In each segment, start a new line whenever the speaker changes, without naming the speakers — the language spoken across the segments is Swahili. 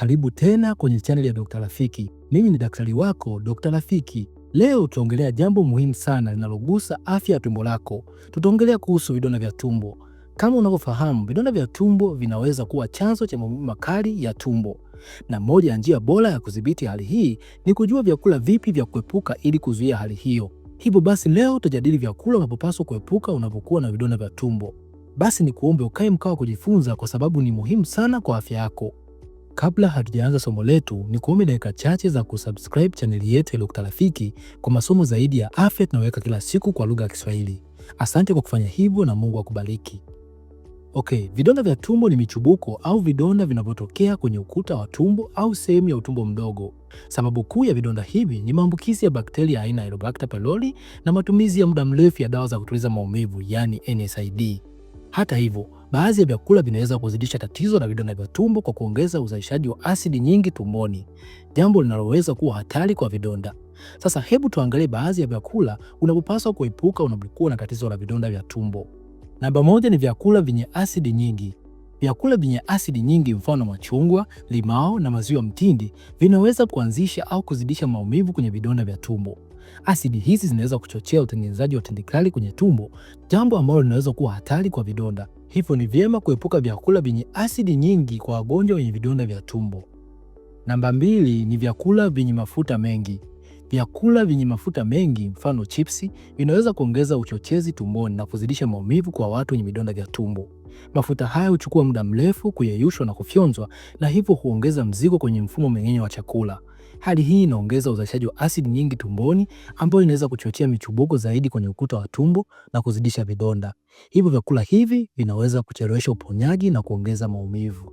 Karibu tena kwenye chaneli ya Dokta Rafiki. Mimi ni daktari wako Dokta Rafiki. Leo tutaongelea jambo muhimu sana linalogusa afya ya tumbo lako. Tutaongelea kuhusu vidonda vya tumbo. Kama unavyofahamu, vidonda vya tumbo vinaweza kuwa chanzo cha maumivu makali ya tumbo, na moja ya njia bora ya kudhibiti hali hii ni kujua vyakula vipi vya kuepuka ili kuzuia hali hiyo. Hivyo basi, leo tutajadili vyakula unavyopaswa kuepuka unapokuwa na vidonda vya tumbo. Basi ni kuombe ukae mkao wa kujifunza, kwa sababu ni muhimu sana kwa afya yako. Kabla hatujaanza somo letu, ni kuombe dakika chache za kusubscribe chaneli yetu ya Dr. Rafiki kwa masomo zaidi ya afya tunayoweka kila siku kwa lugha ya Kiswahili. Asante kwa kufanya hivyo na Mungu akubariki. Okay, vidonda vya tumbo ni michubuko au vidonda vinavyotokea kwenye ukuta wa tumbo au sehemu ya utumbo mdogo. Sababu kuu ya vidonda hivi ni maambukizi ya bakteria aina ya Helicobacter pylori na matumizi ya muda mrefu ya dawa za kutuliza maumivu, yaani NSAID. Hata hivyo Baadhi ya vyakula vinaweza kuzidisha tatizo la vidonda vya tumbo kwa kuongeza uzalishaji wa asidi nyingi tumboni, jambo linaloweza kuwa hatari kwa vidonda. Sasa hebu tuangalie baadhi ya vyakula unavyopaswa kuepuka unapokuwa na tatizo la vidonda vya tumbo. Namba moja ni vyakula vyenye asidi nyingi. Vyakula vyenye asidi nyingi, mfano machungwa, limao na maziwa mtindi, vinaweza kuanzisha au kuzidisha maumivu kwenye vidonda vya tumbo. Asidi hizi zinaweza kuchochea utengenezaji wa tendikali kwenye tumbo, jambo ambalo linaweza kuwa hatari kwa vidonda. Hivyo ni vyema kuepuka vyakula vyenye asidi nyingi kwa wagonjwa wenye vidonda vya tumbo. Namba mbili ni vyakula vyenye mafuta mengi. Vyakula vyenye mafuta mengi, mfano chipsi, vinaweza kuongeza uchochezi tumboni na kuzidisha maumivu kwa watu wenye vidonda vya tumbo. Mafuta haya huchukua muda mrefu kuyeyushwa na kufyonzwa, na hivyo huongeza mzigo kwenye mfumo mmeng'enyo wa chakula. Hali hii inaongeza uzalishaji wa asidi nyingi tumboni, ambayo inaweza kuchochea michubuko zaidi kwenye ukuta wa tumbo na kuzidisha vidonda. Hivyo vyakula hivi vinaweza kuchelewesha uponyaji na kuongeza maumivu.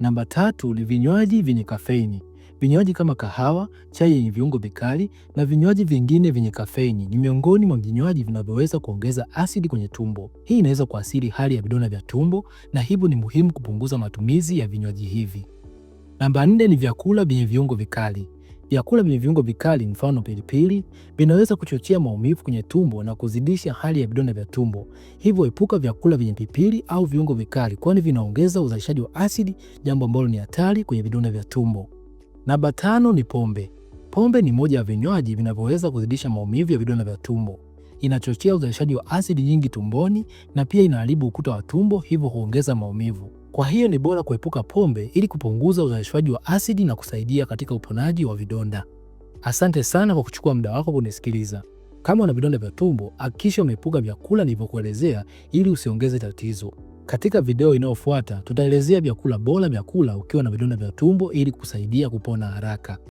Namba tatu ni vinywaji vyenye kafeini. Vinywaji kama kahawa, chai yenye viungo vikali na vinywaji vingine vyenye kafeini ni miongoni mwa vinywaji vinavyoweza kuongeza asidi kwenye tumbo. Hii inaweza kuathiri hali ya vidonda vya tumbo, na hivyo ni muhimu kupunguza matumizi ya vinywaji hivi. Namba nne ni vyakula vyenye viungo vikali. Vyakula vyenye viungo vikali, mfano pilipili, vinaweza kuchochea maumivu kwenye tumbo na kuzidisha hali ya vidonda vya tumbo. Hivyo epuka vyakula vyenye pilipili au viungo vikali, kwani vinaongeza uzalishaji wa asidi, jambo ambalo ni hatari kwenye vidonda vya tumbo. Namba tano ni pombe. Pombe ni moja ya vinywaji vinavyoweza kuzidisha maumivu ya vidonda vya tumbo. Inachochea uzalishaji wa asidi nyingi tumboni na pia inaharibu ukuta wa tumbo, hivyo huongeza maumivu. Kwa hiyo ni bora kuepuka pombe ili kupunguza uzalishwaji wa asidi na kusaidia katika uponaji wa vidonda. Asante sana kwa kuchukua muda wako kunisikiliza. Kama una vidonda vya tumbo, hakikisha umeepuka vyakula nilivyokuelezea ili usiongeze tatizo. Katika video inayofuata tutaelezea vyakula bora vyakula ukiwa na vidonda vya tumbo ili kusaidia kupona haraka.